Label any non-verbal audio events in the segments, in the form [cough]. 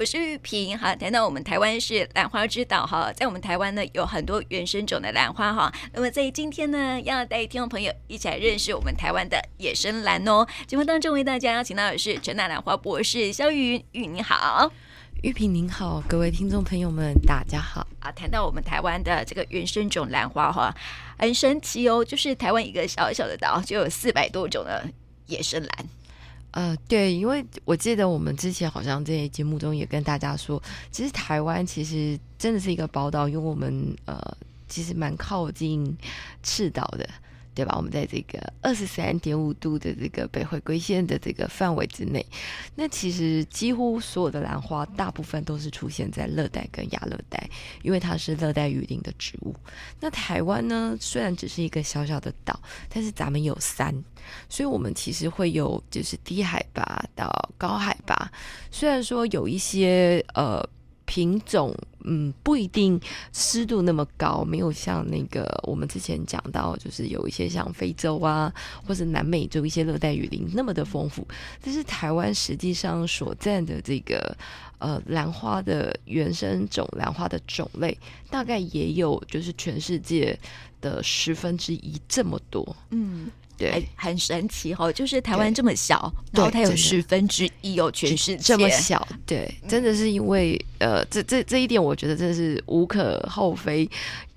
我是玉萍。好，談到我們台灣是蘭花之島哈，在我們台灣呢有很多原生種的蘭花哈，那麼在今天呢要帶聽眾朋友一起來認識我們台灣的野生蘭哦。節目當中為大家邀請到的是成大蘭花博士蕭郁芸，你好，玉萍，您好，各位聽眾朋友們大家好啊。談到我們台灣的這個原生種蘭花哈，很神奇哦，就是台灣一個小小的島就有四百多種的野生蘭。呃，對，因為我記得我們之前好像在節目中也跟大家說，其實台灣其實真的是一個寶島，因為我們呃，其實蠻靠近赤道的。對吧？我們在這個二十三點五度的這個北回歸線的這個範圍之內，那其實幾乎所有的蘭花，大部分都是出現在熱帶跟亞熱帶，因為它是熱帶雨林的植物。那台灣呢，雖然只是一個小小的島，但是咱們有山，所以我們其實會有就是低海拔到高海拔。雖然說有一些呃。品種，嗯，不一定濕度那麼高，沒有像那個我們之前講到，就是有一些像非洲啊或者南美洲一些熱帶雨林那麼的豐富。但是台灣實際上所占的這個呃蘭花的原生種，蘭花的種類大概也有就是全世界的十分之一這麼多，嗯。對，很神奇哈、哦，就是台灣這麼小，然後它有十分之一哦，全世界這麼小，對，真的是因為、嗯、呃，這這這一點，我覺得真的是無可厚非，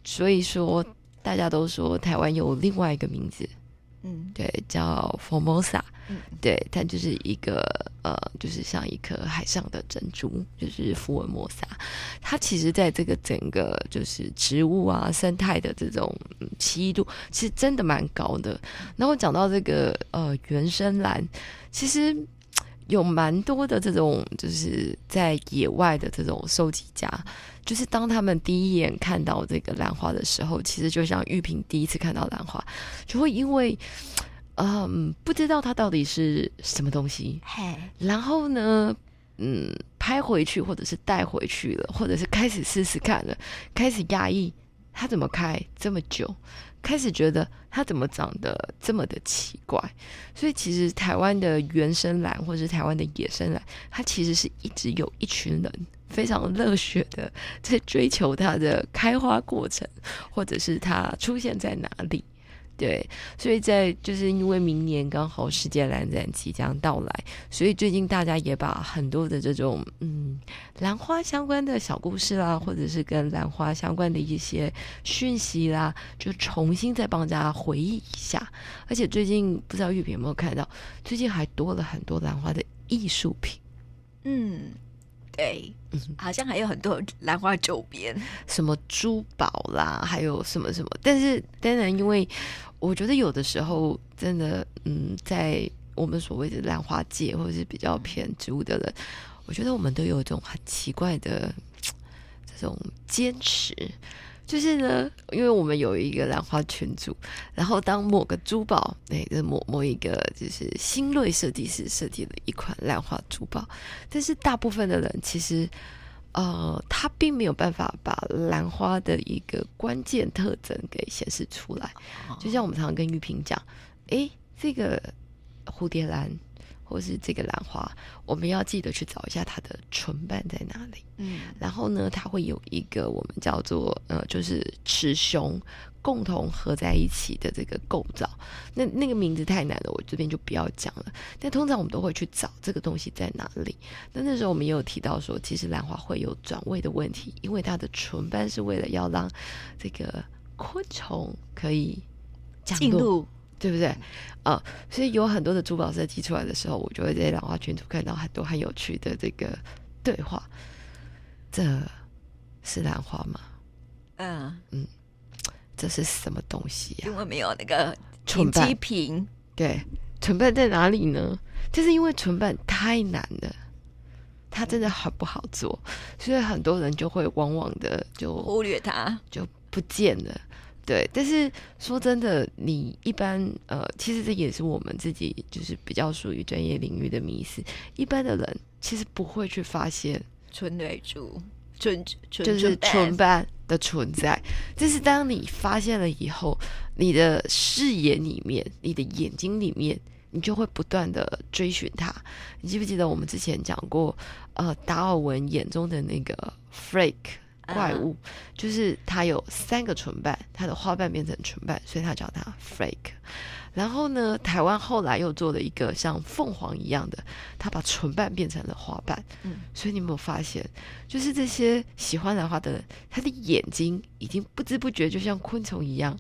所以說大家都說台灣有另外一個名字，嗯，對，叫 Formosa。嗯、對，它就是一個呃，就是像一顆海上的珍珠，就是福爾摩沙。它其實，在這個整個就是植物啊、生態的這種奇異度，其實真的蠻高的。然後講到這個呃原生蘭，其實有蠻多的這種，就是在野外的這種收集家，就是當他們第一眼看到這個蘭花的時候，其實就像郁芸第一次看到蘭花，就會因為。嗯，不知道它到底是什麼東西。嘿。然後呢，嗯，拍回去或者是帶回去了，或者是開始試試看了，開始訝異它怎麼開這麼久，開始覺得它怎麼長得這麼的奇怪。所以其實台灣的原生蘭或者是台灣的野生蘭，它其實是一直有一群人非常熱血的在追求它的開花過程，或者是它出現在哪裡。對，所以在就是因為明年剛好世界蘭展即將到來，所以最近大家也把很多的這種嗯蘭花相關的小故事啦，或者是跟蘭花相關的一些訊息啦，就重新再幫大家回憶一下。而且最近不知道玉萍有沒有看到，最近還多了很多蘭花的藝術品，嗯。對、嗯，好像還有很多蘭花周邊，什麼珠寶啦，還有什麼什麼。但是當然，因為我覺得有的時候真的，嗯，在我們所謂的蘭花界，或者是比較偏植物的人，我覺得我們都有一種很奇怪的這種堅持。就是呢，因為我們有一個蘭花群組，然後當某個珠寶，哎、欸，就是、某某一個就是新銳設計師設計的一款蘭花珠寶，但是大部分的人其實，呃，他並沒有辦法把蘭花的一個關鍵特徵給顯示出來，就像我們常常跟玉萍講，哎、欸，這個蝴蝶蘭。或是這個蘭花，我們要記得去找一下它的唇瓣在哪裡。嗯，然後呢，它會有一個我們叫做呃，就是雌雄共同合在一起的這個構造。那那個名字太難了，我這邊就不要講了。但通常我們都會去找這個東西在哪裡。那那時候我們也有提到說，其實蘭花會有轉位的問題，因為它的唇瓣是為了要讓這個昆蟲可以進入。對不對？啊、嗯，所以有很多的珠寶設計出來的時候，我就會在蘭花群組看到很多很有趣的這個對話。這是蘭花嗎？嗯嗯，這是什麼東西呀、啊？因為沒有那個唇瓣，對，唇瓣在哪裡呢？就是因為唇瓣太難了，它真的很不好做，所以很多人就會往往的就忽略它，就不見了。對，但是說真的，你一般呃，其實這也是我們自己就是比較屬於專業領域的迷思。一般的人其實不會去發現唇、蕊柱、唇、唇就是唇瓣的存在，就是存在嗯、是當你發現了以後，你的視野裡面、你的眼睛裡面，你就會不斷的追尋它。你記不記得我們之前講過，呃，達爾文眼中的那個 freak？怪物，就是它有三個唇瓣，它的花瓣變成唇瓣，所以它叫它 fake。然後呢，台灣後來又做了一個像鳳凰一樣的，它把唇瓣變成了花瓣。嗯，所以你有沒有發現，就是這些喜歡蘭花的人，他的眼睛已經不知不覺就像昆蟲一樣。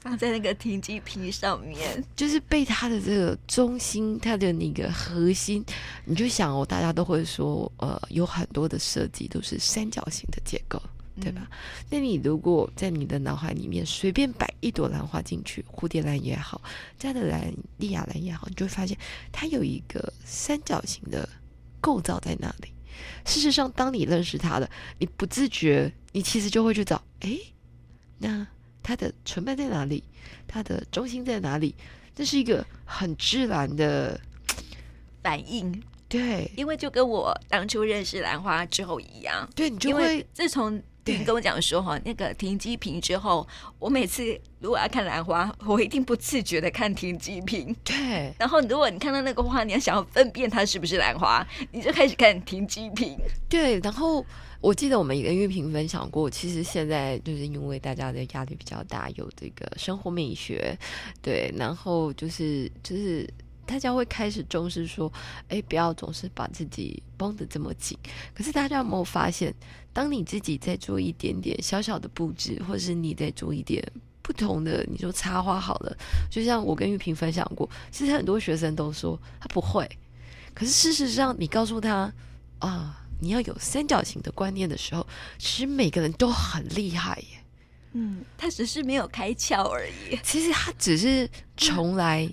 放在那個停機坪上面，就是被它的這個中心，它的那個核心，你就想、哦，我大家都會說，呃，有很多的設計都是三角形的結構，嗯，對吧？那你如果在你的腦海裡面隨便擺一朵蘭花進去，蝴蝶蘭也好，加德蘭、麗雅蘭也好，你就會發現它有一個三角形的構造在那裡。事實上，當你認識它的，你不自覺，你其實就會去找，哎、欸，那。它的成本在哪裡？它的中心在哪裡？這是一個很自然的反應，對，因為就跟我當初認識蘭花之後一樣，對，你就會自從。 [music] 跟我講說哈，那個停機坪之後，我每次如果要看蘭花，我一定不自覺的看停機坪。對，然後如果你看到那個花，你要想要分辨它是不是蘭花，你就開始看停機坪。對，然後我記得我們也跟玉平分享過，其實現在就是因為大家的壓力比較大，有這個生活美學。對，然後就是就是。他將會開始重視說，哎、欸，不要總是把自己繃得這麼緊。可是大家有沒有發現，當你自己在做一點點小小的布置，或是你在做一點不同的，你說插花好了，就像我跟玉萍分享過，其實很多學生都說他不會。可是事實上，你告訴他啊，你要有三角形的觀念的時候，其實每個人都很厲害耶。嗯，他只是沒有開竅而已。其實他只是從來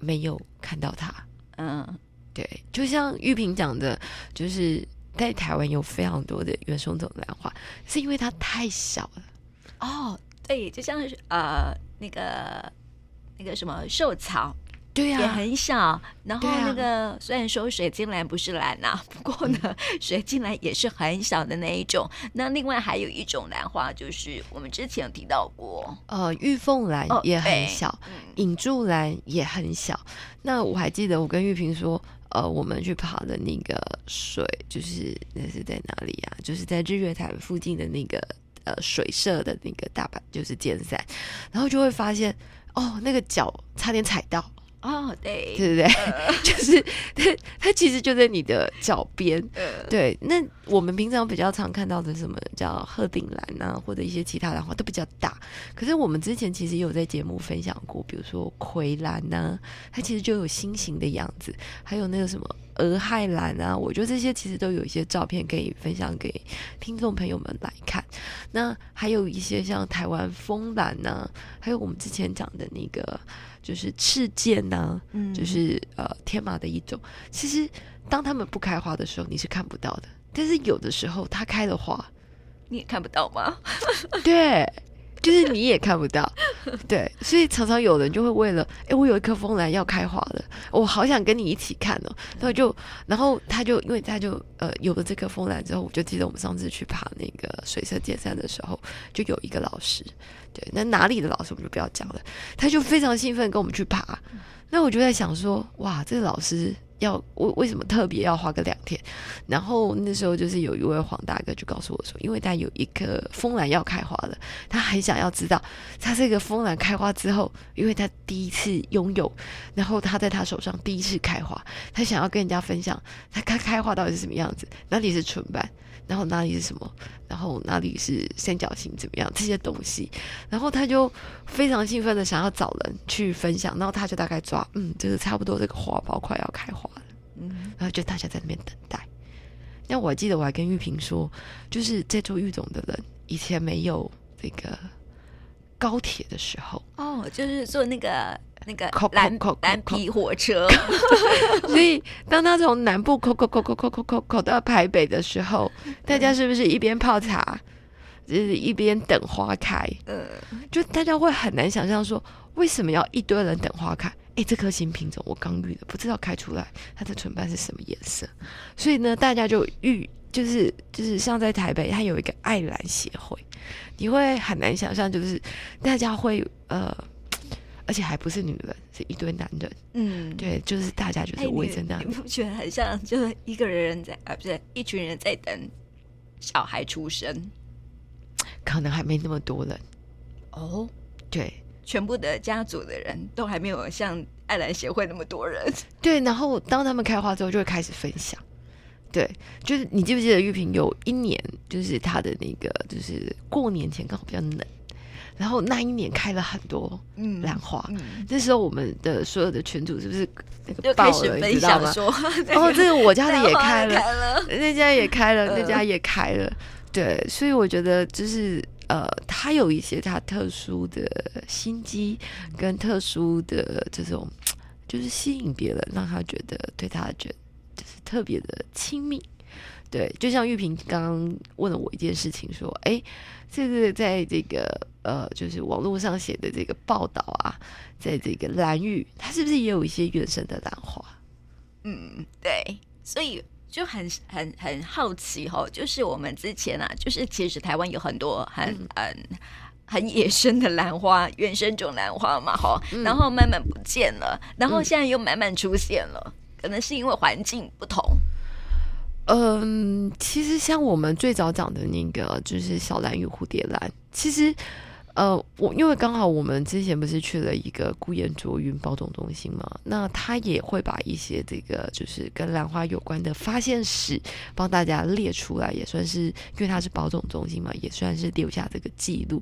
沒有。看到它，嗯，對，就像玉萍講的，就是在台灣有非常多的原生種蘭花，是因為它太小了。哦，對，對就像是呃，那個那個什麼壽草。對呀、啊，也很小。然後那個、啊、雖然說水晶蘭不是蘭吶、啊，不過呢，嗯、水晶蘭也是很小的那一種。那另外還有一種蘭花，就是我們之前有提到過，呃，玉鳳蘭也很小，隱、哦、柱蘭也很小、嗯。那我還記得我跟玉萍說，呃，我們去爬的那個水，就是那是在哪裡啊？就是在日月潭附近的那個呃水社的那個大板，就是尖山，然後就會發現哦，那個腳差點踩到。哦、oh，對，對對對，嗯，就是 [laughs] 它，其實就在你的腳邊，嗯。對，那我們平常比較常看到的什麼叫鶴頂蘭吶，啊，或者一些其他蘭花都比較大。可是我們之前其實也有在節目分享過，比如說葵蘭吶，啊，它其實就有心形的樣子，還有那個什麼。俄亥蘭啊，我覺得這些其實都有一些照片可以分享給聽眾朋友們來看。那還有一些像台灣風蘭啊，還有我們之前講的那個就是赤箭啊，嗯，就是呃天麻的一種。其實當他們不開花的時候，你是看不到的。但是有的時候它開了花，你也看不到嗎？ [laughs] 對。就是你也看不到。對，所以常常有人就會為了，誒、欸，我有一棵風蘭要開花了，我好想跟你一起看哦。然後我就，然後他就，因為他就，呃，有了這顆風蘭之後，我就記得我們上次去爬那個水色解山的時候，就有一個老師，對，那哪裡的老師我們就不要講了，他就非常興奮跟我們去爬。那我就在想說，哇，這個老師。要為為什麼特別要花個兩天？然後那時候就是有一位黃大哥就告訴我說，因為他有一個風蘭要開花了，他很想要知道他這個風蘭開花之後，因為他第一次擁有，然後他在他手上第一次開花，他想要跟人家分享他開開花到底是什麼樣子，哪裡是純白。然後哪裡是什麼？然後哪裡是三角形？怎麼樣？這些東西，然後他就非常興奮的想要找人去分享。然後他就大概抓，嗯，就是差不多，這個花苞快要開花了，嗯，然後就大家在那邊等待。那我記得我還跟玉萍說，就是在做育種的人以前沒有這個高鐵的時候，哦，就是坐那個。那個藍藍文藍皮火車，文嗯、文呵呵文所以當他從南部口口口口口口口口到台北的時候，大家是不是一邊泡茶，就是一邊等花開？嗯，文嗯文，就大家會很難想象說，為什麼要一堆人等花開？哎、欸，這顆新品種我剛育的，不知道開出來它的唇瓣是什麼顏色？所以呢，大家就育，就是就是像在台北，它有一個愛蘭協會，你會很難想象，就是大家會呃。而且還不是女人，是一堆男人。嗯，對，就是大家就是圍成那樣、欸你，你不覺得很像，就是一個人人在啊，不是一群人在等小孩出生？可能還沒那麼多人哦。對，全部的家族的人都還沒有像愛蘭協會那麼多人。對，然後當他們開花之後，就會開始分享。對，就是你記不記得玉萍有一年，就是她的那個，就是過年前剛好比較冷。然後那一年開了很多，嗯，蘭花。那時候我們的所有的群組是不是那個爆了，本想說你知道嗎？ [laughs] 哦，這個我家的也開了，開了那家也開了，呃，那家也開了。對，所以我覺得就是呃，他有一些他特殊的心機，跟特殊的這種，就是吸引別人，讓他覺得對，他覺得就是特別的親密。對，就像玉萍剛剛問了我一件事情，說：“哎，這個在這個呃，就是網絡上寫的這個報道啊，在這個蘭嶼，它是不是也有一些原生的蘭花？”嗯，對，所以就很很很好奇哈、哦，就是我們之前啊，就是其實台灣有很多很嗯，嗯很野生的蘭花，原生種蘭花嘛，哈，然後慢慢不見了，然後現在又慢慢出現了，嗯、可能是因為環境不同。嗯、呃，其實像我們最早講的那個，就是小蘭與蝴蝶蘭，其實。呃，我因為剛好我們之前不是去了一個辜嚴倬雲保種中心嘛，那他也會把一些這個就是跟蘭花有關的發現史幫大家列出來，也算是因為他是保種中心嘛，也算是留下這個記錄。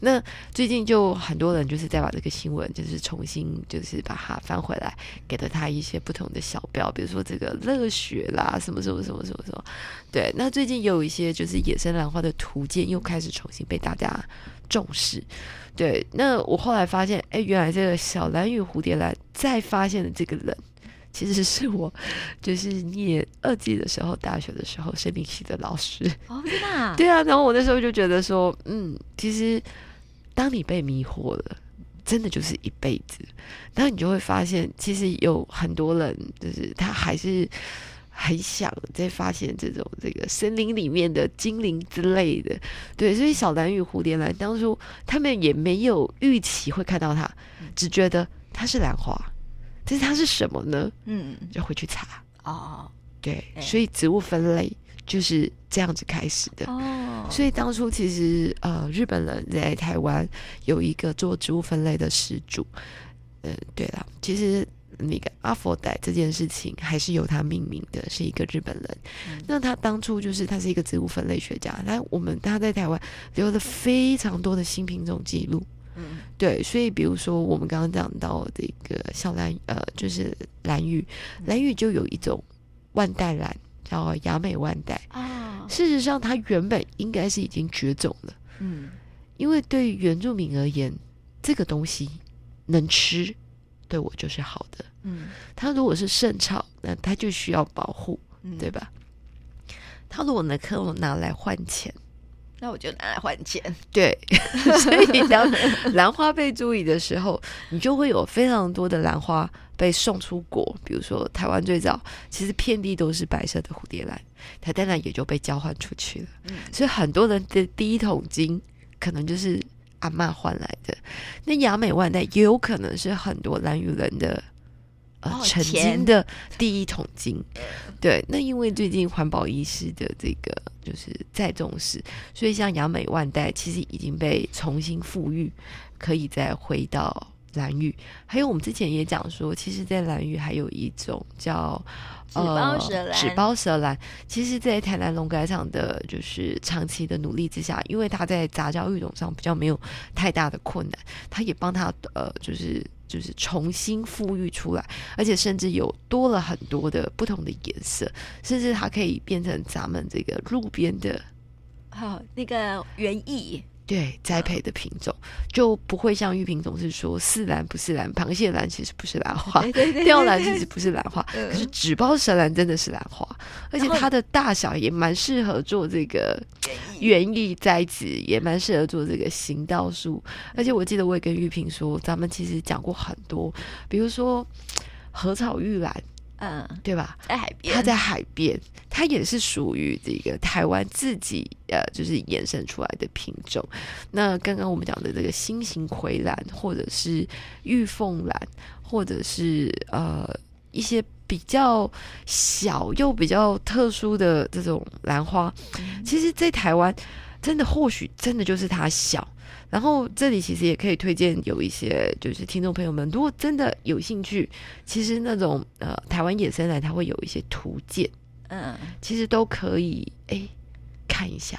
那最近就很多人就是在把這個新聞就是重新就是把它翻回來，給了他一些不同的小標，比如說這個熱血啦，什麼什麼什麼什麼什麼，對。那最近有一些就是野生蘭花的圖鑑又開始重新被大家。重視，對。那我後來發現，哎，原來這個小蘭嶼蝴蝶蘭再發現的這個人，其實是我，就是念二季的時候，大學的時候，生命系的老師。哦。對啊。然後我那時候就覺得說，嗯，其實當你被迷惑了，真的就是一輩子。然後你就會發現，其實有很多人，就是他還是。很想再發現這種這個森林裡面的精靈之類的，對，所以小蘭嶼蝴蝶蘭當初他們也沒有預期會看到它，嗯、只覺得它是蘭花，但是它是什麼呢？嗯，就回去查哦，對，所以植物分類就是這樣子開始的哦。所以當初其實呃，日本人在台灣有一個做植物分類的始祖，嗯，對了，其實。那、這個阿佛代這件事情還是由他命名的，是一個日本人，嗯。那他當初就是他是一個植物分類學家，來我們他在台灣留了非常多的新品種記錄。嗯，對，所以比如說我們剛剛講到這個小蘭嶼呃就是蘭嶼，蘭、嗯、嶼就有一種萬代蘭叫雅美萬代。啊，事實上它原本應該是已經絕種了。嗯，因為對原住民而言，這個東西能吃，對我就是好的。嗯，他如果是聖草，那他就需要保護、嗯，對吧？他如果能看我拿來換錢，那我就拿來換錢。對， [laughs] [laughs] 所以當蘭花被注意的時候，你就會有非常多的蘭花被送出國。比如說台灣最早，其實遍地都是白色的蝴蝶蘭，它當然也就被交換出去了、嗯。所以很多人的第一桶金，可能就是阿嬤換來的。那雅美萬代也有可能是很多蘭嶼人的曾、呃、經的第一桶金。哦，對，那因為最近環保意識的這個就是再重視，所以像雅美萬代其實已經被重新復育，可以再回到蘭嶼。還有我們之前也講說，其實，在蘭嶼還有一種叫紫、呃、苞舌蘭，紫苞舌蘭，其實，在台南農改場的，就是長期的努力之下，因為他在雜交育種上比較沒有太大的困難，他也幫他呃，就是。就是重新復育出來，而且甚至有多了很多的不同的顏色，甚至它可以變成咱們這個路邊的哈、oh, 那個園藝。對，栽培的品種就不會像郁芸，總是說，似蘭不是蘭，螃蟹蘭其實不是蘭花，欸、對對對，吊蘭其實不是蘭花，嗯，可是紙包蛇蘭真的是蘭花，而且它的大小也蠻適合做這個園藝栽植，也蠻適合做這個行道樹。而且我記得我也跟郁芸說，咱們其實講過很多，比如說合草玉蘭。嗯，對吧？在海邊，它在海邊，它也是屬於這個台灣自己呃，就是衍生出來的品種。那剛剛我們講的這個新型葵蘭，或者是玉鳳蘭，或者是呃一些比較小又比較特殊的這種蘭花，嗯，其實，在台灣，真的或許真的就是它小。然後這裡其實也可以推薦有一些，就是聽眾朋友們，如果真的有興趣，其實那種呃台灣野生蘭，它會有一些圖鑑，嗯，其實都可以哎看一下。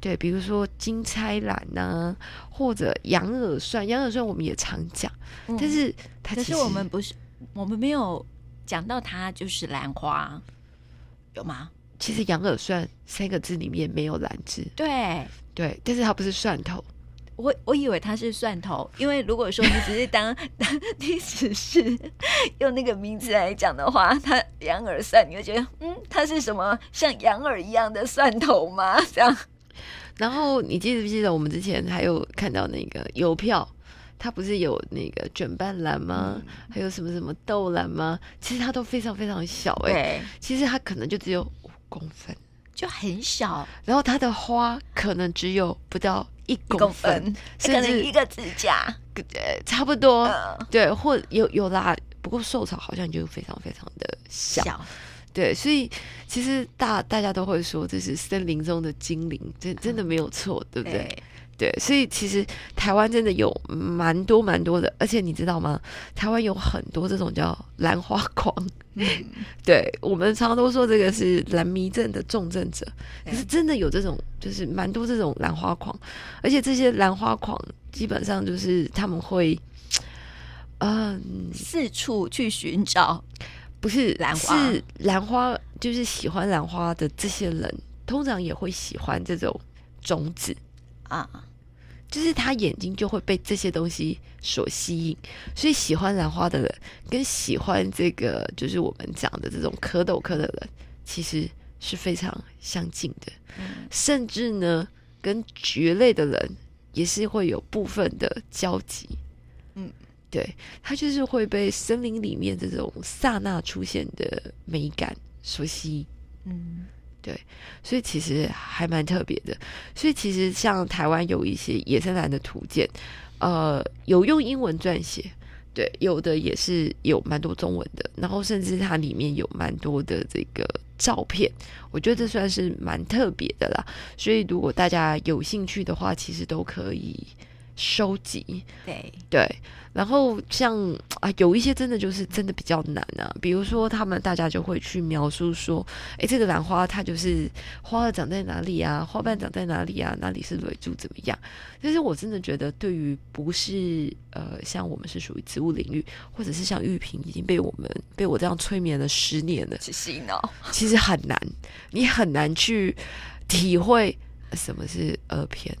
對，比如說金釵蘭呢，或者羊耳蒜，羊耳蒜我們也常講，嗯、但是它其實我們不是我們沒有講到它就是蘭花有嗎？其實羊耳蒜三個字裡面沒有蘭字，對對，但是它不是蒜頭。我我以為它是蒜頭，因為如果說你只是當當， [laughs] [laughs] 你只是用那個名字來講的話，它羊耳蒜，你就覺得，嗯，它是什麼像羊耳一樣的蒜頭嗎？這樣。然後你記不記得我們之前還有看到那個郵票，它不是有那個卷瓣蘭嗎、嗯？還有什麼什麼豆蘭嗎？其實它都非常非常小，欸，哎、okay.，其實它可能就只有五公分。就很小，然後它的花可能只有不到一公分，公分甚至、欸、可能一個指甲，差不多。呃、對，或有有啦，不過綬草好像就非常非常的小，小對，所以其實大大家都會說這是森林中的精靈，真真的沒有錯，對、嗯、不對？對對，所以其實台灣真的有蠻多蠻多的，而且你知道嗎？台灣有很多這種叫蘭花狂， [laughs] 對，我們常常都說這個是蘭迷症的重症者，可是真的有這種，就是蠻多這種蘭花狂，而且這些蘭花狂基本上就是他們會，嗯、呃，四處去尋找蘭，不是蘭花，是蘭花，就是喜歡蘭花的這些人，通常也會喜歡這種種子。啊，就是他眼睛就會被這些東西所吸引，所以喜歡蘭花的人跟喜歡這個就是我們講的這種殼斗科的人，其實是非常相近的。嗯，甚至呢，跟蕨類的人也是會有部分的交集。嗯，對，他就是會被森林裡面這種剎那出現的美感所吸引。嗯。對，所以其實還蠻特別的。所以其實像台灣有一些野生蘭的圖鑑，呃，有用英文撰寫，對，有的也是有蠻多中文的，然後甚至它裡面有蠻多的這個照片，我覺得這算是蠻特別的啦。所以如果大家有興趣的話，其實都可以。收集，對對，然後像啊，有一些真的就是真的比較難啊，比如說他們大家就會去描述說，哎，這個蘭花它就是花萼長在哪裡啊，花瓣長在哪裡啊，哪裡是蕊柱怎麼樣？但是我真的覺得，對於不是呃像我們是屬於植物領域，或者是像玉萍已經被我們被我這樣催眠了十年了，其實很難， [laughs] 你很難去體會什麼是萼片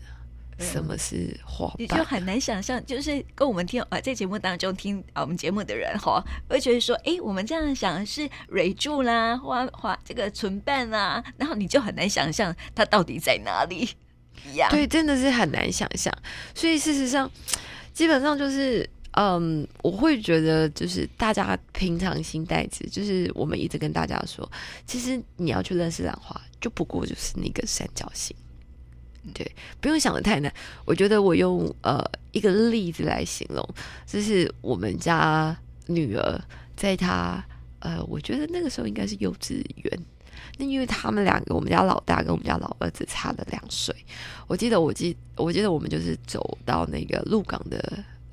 什麼是花瓣，嗯、你就很難想象，就是跟我們聽啊，呃，在節目當中聽我們節目的人哈，會覺得說，哎、欸，我們這樣想是蕊柱啦，花花這個唇瓣啊，然後你就很難想象它到底在哪裡一樣。對，真的是很難想象。所以事實上，基本上就是，嗯，我會覺得就是大家平常心待之，就是我們一直跟大家說，其實你要去認識蘭花，就不過就是那個三角形。對，不用想的太難。我覺得我用呃一個例子來形容，就是我們家女兒在她呃，我覺得那個時候應該是幼稚園。那因為他們兩個，我們家老大跟我們家老二只差了兩歲，我記得我記，我記得我們就是走到那個鹿港的。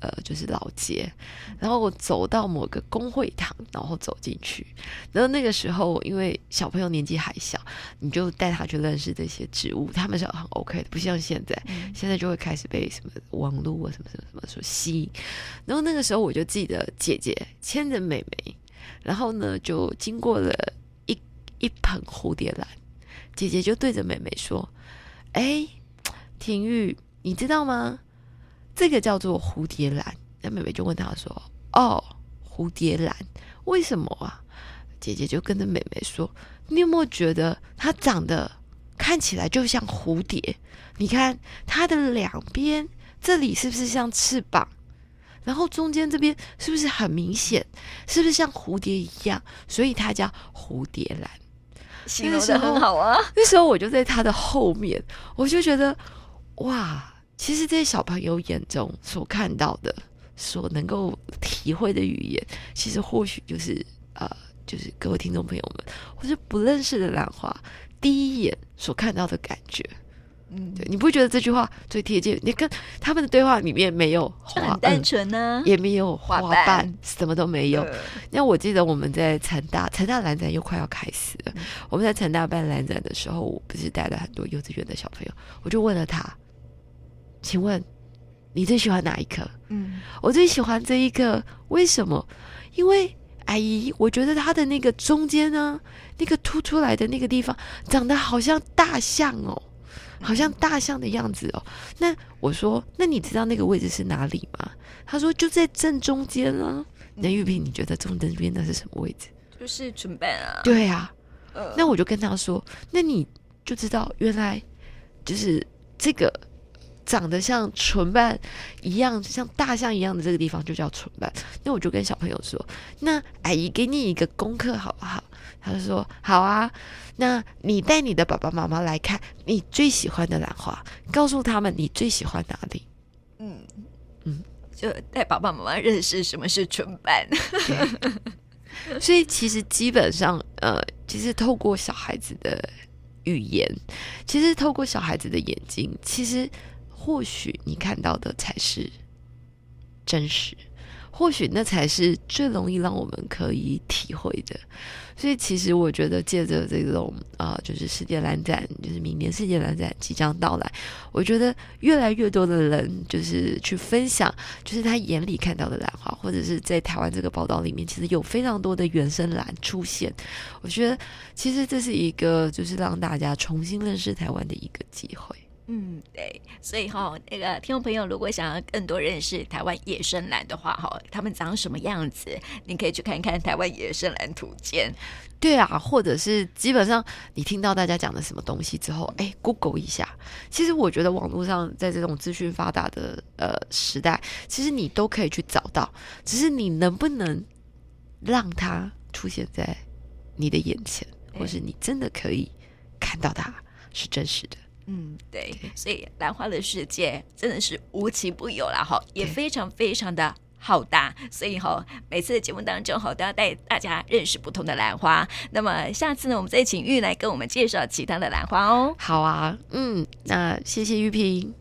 呃，就是老街，然後我走到某個公會堂，然後走進去，然後那個時候，因為小朋友年紀還小，你就帶他去認識這些植物，他們是很 OK 的，不像現在，嗯、現在就會開始被什麼網絡啊、什麼什麼什麼所吸引。然後那個時候，我就記得姐姐牽着妹妹，然後呢，就經過了一一盆蝴蝶蘭，姐姐就對着妹妹說：“哎，婷玉，你知道嗎？”這個叫做蝴蝶蘭，那妹妹就問她說：“哦，蝴蝶蘭為什麼啊？”姐姐就跟着妹妹說：“你有沒有覺得它長得看起來就像蝴蝶？你看它的兩邊，這裡是不是像翅膀？然後中間這邊是不是很明顯？是不是像蝴蝶一樣？所以它叫蝴蝶蘭。”那個時候很好啊，那時候，那時候我就在它的後面，我就覺得哇。其實這些小朋友眼中所看到的，所能夠體會的語言，其實或許就是呃，就是各位聽眾朋友們，或是不認識的蘭花，第一眼所看到的感覺，嗯，對，你不會覺得這句話最貼近？你看他們的對話裡面沒有花，很單純呢、啊呃，也沒有花瓣，花瓣，什麼都沒有。那我記得我們在成大，成大蘭展又快要開始了，嗯、我們在成大辦蘭展的時候，我不是帶了很多幼稚園的小朋友，我就問了他。請問，你最喜歡哪一顆？嗯，我最喜歡這一個，為什麼？因為阿姨，我覺得它的那個中間呢、啊，那個凸出來的那個地方，長得好像大象哦，好像大象的樣子哦。嗯、那我說，那你知道那個位置是哪裡嗎？他說就在正中間了、啊。那玉萍你覺得中間那是什麼位置？就是唇瓣啊。對啊，嗯、呃。那我就跟他說，那你就知道，原來就是這個。長得像唇瓣一樣，像大象一樣的這個地方就叫唇瓣。那我就跟小朋友說：“那阿姨給你一個功課，好不好？”他就說：“好啊。”那你帶你的爸爸媽媽來看你最喜歡的蘭花，告訴他們你最喜歡哪裡？嗯嗯，就帶爸爸媽媽認識什麼是唇瓣 [laughs] 。所以其實基本上，呃，其實透過小孩子的語言，其實透過小孩子的眼睛，其實。或許你看到的才是真實，或許那才是最容易讓我們可以體會的。所以，其實我覺得借着這種啊、呃，就是世界蘭展，就是明年世界蘭展即將到來，我覺得越來越多的人就是去分享，就是他眼裡看到的蘭花，或者是在台灣這個寶島裡面，其實有非常多的原生蘭出現。我覺得其實這是一個就是讓大家重新認識台灣的一個機會。嗯，對，所以哈、哦，那個聽眾朋友，如果想要更多認識台灣野生蘭的話，哈，他們長什麼樣子，你可以去看看《台灣野生蘭圖鑑》。對啊，或者是基本上你聽到大家講的什麼東西之後，哎，Google 一下。其實我覺得網絡上在這種資訊發達的呃時代，其實你都可以去找到，只是你能不能讓它出現在你的眼前，嗯、或是你真的可以看到它是真實的。嗯對，對，所以蘭花的世界真的是無奇不有啦，哈，也非常非常的浩大。所以哈，每次的節目當中哈，都要帶大家認識不同的蘭花。那麼下次呢，我們再請郁來跟我們介紹其他的蘭花哦。好啊，嗯，那謝謝郁芸。